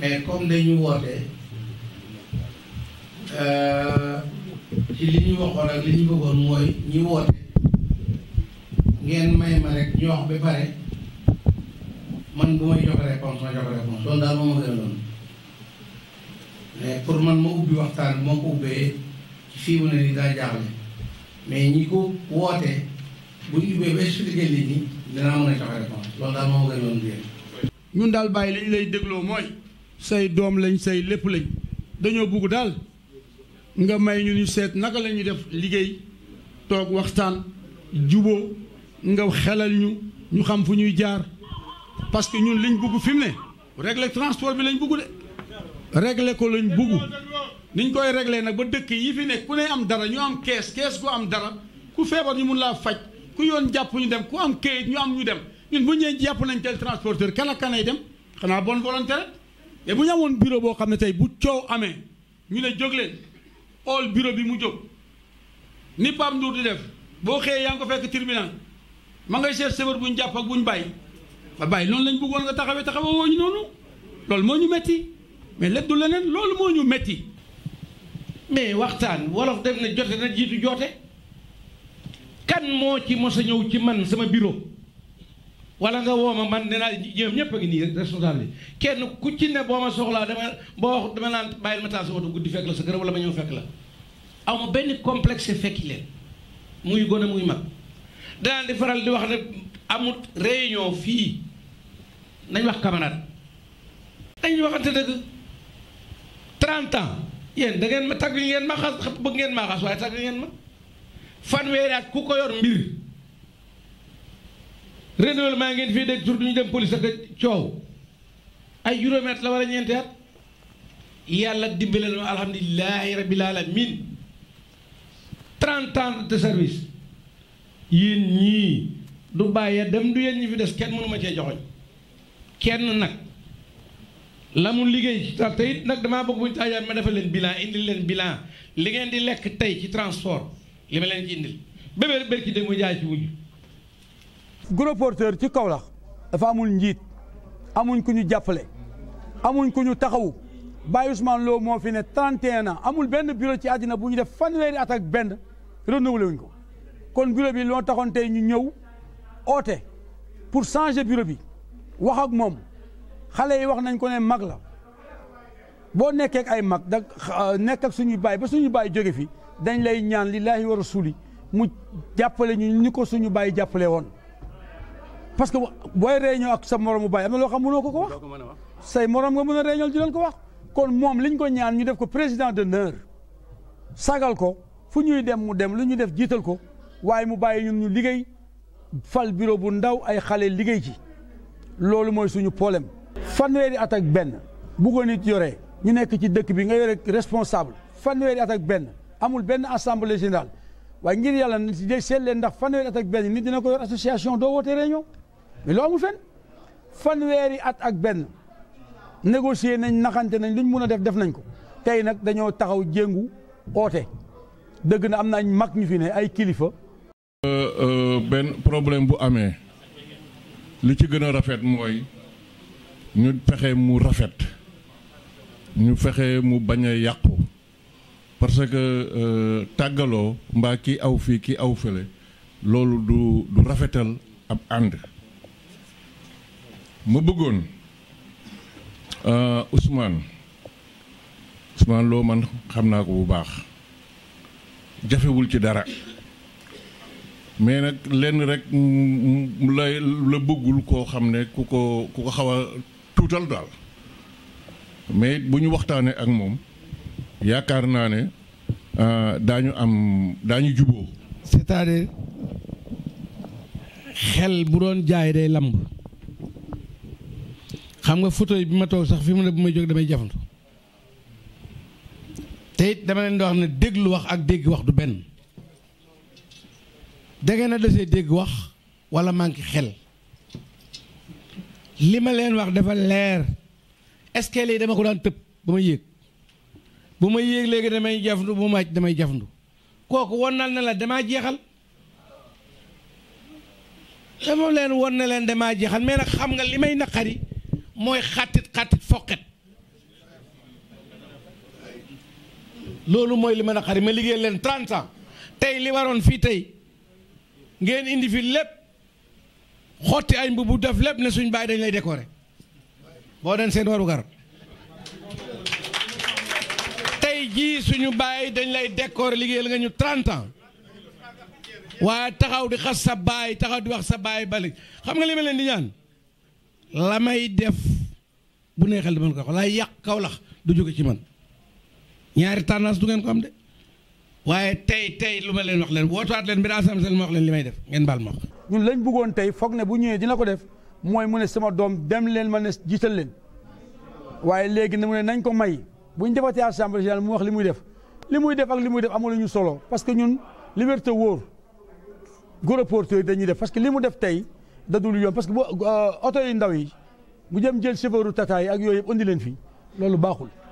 mais comme dañu woote euh, ci li ñu waxoon ak li ñu bëggoon mooy ñi woote ngeen may ma rek ñu wax ba pare man bu may jox réponse ma jox réponse loolu daal moo ma gën loon mais pour man ma ubbi waxtaan bi ko ubbee fii mu ne nii daa jaaxle mais ñi ko woote bu ñu ubbee ba expliqué nit ñi dinaa mën a joxe réponse loolu daal ma gën loon ñun daal bàyyi lay dégloo mooy say doom lañ say lépp lañ dañoo bugg daal nga may ñu ñu seet naka la ñuy def liggéey toog waxtaan juboo nga xelal ñu ñu xam fu ñuy jaar parce que ñun liñ bugg fi ne régler transport bi lañ bugg de régler ko lañ bugg niñ koy régler nag ba dëkk yi fi nekk ku ne am dara ñu am kees kees ku am dara ku feebar ñu mun laa faj ku yoon jàpp ñu dem ku am kayit ñu am ñu dem ñun bu ñëwee jàpp nañ tel transporteur kan ak kanay dem xanaa bon volonté rek te bu ñu woon biro boo xam ne tey bu coow amee ñu ne jóg leen ool bureau bi mu jóg ni Pape Ndour di def boo xëyee yaa ngi ko fekk tribunal ma ngay seet sëbër bu ñu jàpp ak bu ñu bàyyi ba bàyyi noonu lañ bëggoon nga taxawee taxawee woo ñu noonu loolu moo ñu metti mais lépp du leneen loolu moo ñu metti mais waxtaan wolof dem na jote na jiitu joote kan moo ci mos sa ñëw ci man sama biro wala nga woo ma man dinaa ñoom ñëpp a ngi nii responsable yi kenn ku ci ne boo ma soxlaa dama boo wax dama naan bàyyil ma taal sa oto guddi fekk la sa kër wala ma ñëw fekk la aw ma benn complexe gone muy mag danaan di faral di wax ne amut réunion fii nañ wax camarade dañuy waxante dëgg 30 ans yéen da ngeen ma tagg ngeen ma xas bëgg ngeen maa xas waaye tagg ngeen ma fanweeri at ku ko yor mbir renouvellement ngeen fii dégg tur du ñu dem police ak coow ay juróomi at la war a ñeenti at yàlla dimbaleel ma alhamdulilahi rabbil alamin 30 ans de service yéen ñii du bàyyee dem du yéen ñi fi des kenn mënu ma cee joxoñ kenn nag la mu liggéey ci te it nag damaa bëgg bu ñu taajaat ma defal leen bilan indil leen bilan li ngeen di lekk tey ci transport li ma leen ci indil bébé bërki de mu jaay ci mujj gros porteur ci Kaolack dafa amul njit amuñ ku ñu jappalé amuñ ku ñu taxawu Baye Ousmane Lo mo fi ne 31 ans amul benn bureau ci adina buñu def fanweeri at ak benn renouvelé wuñ ko kon bureau bi lo taxon tay ñu ñew oté pour changer bureau bi wax ak mom xalé yi wax nañ ko né mag la bo nekk ak ay mag da euh, nekk ak suñu baye ba suñu baye jogé fi dañ lay ñaan lillaahi wa rasuli mu jappalé ñu ñiko suñu baye jappalé won parce que boy réunion ak sa morom bay amna lo xam mëno ko ko wax say morom nga mëna a réunion di leen ko wax kon mom liñ ko ñaan ñu def ko président d'honneur sagal ko fu ñuy dem mu dem lu ñu def jital ko waaye mu bàyyi ñun ñu liggéey fal bureau bu ndaw ay xalé liggéey ci lolu moy suñu problème fanweeri at ak ben bu ko nit yoré ñu nekk ci dëkk bi nga yoré responsable fanweeri at ak ben amul ben assemblée générale waaye ngir yàlla si dee seet leen ndax fanweeri at ak benn nit dina ko yor association doo woote réunion mais loo amul fanweeri at ak benn négocier nañ naxante nañ luñ mun a def def nañ ko tey nag dañoo taxaw jéngu oote dëgg na am nañ mag ñu fi ne ay kilifa. Euh, euh, benn problème bu amee li ci gën a rafet mooy ñu fexe mu rafet ñu fexe mu bañ a yàqu parce que euh, tàggaloo mbaa kii aw fii kii aw fële loolu du du rafetal ab ànd. ma bëggoon euh, Ousmane Ousmane loo man xam naa ko bu baax jafewul ci dara mais nag lenn rek la bëggul koo xam ne ku ko ku ko xaw a tuutal daal mais bu ñu waxtaanee ak moom yaakaar naa ne euh, daañu am daañu juboo cest xel bu doon jaay day lamb xam nga photo yi bi ma toog sax fi mu ne bu may jóg damay jafandu te it dama leen doo xam ne déglu wax ak dégg wax du benn dangeen a desee dégg wax wala manqué xel li ma leen wax dafa leer est-ce que lii dama ko daan tëb ba ma yéeg bu ma yéeg léegi damay jafandu bu ma wàcc damay jafandu kooku wonal na la damaa jeexal dama leen won na leen damaa jeexal mais nag xam nga li may naqari mooy xàttit xàttit foqet loolu mooy li ma naqari ma liggéey leen 30 ans tey li waroon fii tey ngeen indi fi lépp xotti ay mbubu def lépp ne suñu bàyyi dañ lay décorer boo den seen warugar tey jii suñu bàyyi dañ lay liggéey la nga ñu 30 ans waaye taxaw di xas sa baay taxaw di wax sa baay bali xam nga li leen di ñaan la may def bu neexeel di mën ko wax la yàq kawlax du jóge ci man ñaari tendance du ngeen ko am de waaye tey tey lu ma leen wax leen wootaat leen bi daa sam seen ma wax leen li may def ngeen baal ma wax ñun lañ bëggoon tey foog ne bu ñëwee dina ko def mooy mu ne sama doom dem leen ma ne jiital leen waaye léegi ne mu ne nañ ko may bu ñu defatee assemblée générale mu wax li muy def li muy def ak li muy def amul ñu solo parce que ñun liberté wóor góor a porteur dañuy def parce que li mu def tey dadul yoon parce que bu euh, oto yu ndaw yi mu jëm jël chauffeur tata yi ak yooyu yëpp andi leen fi loolu baaxul.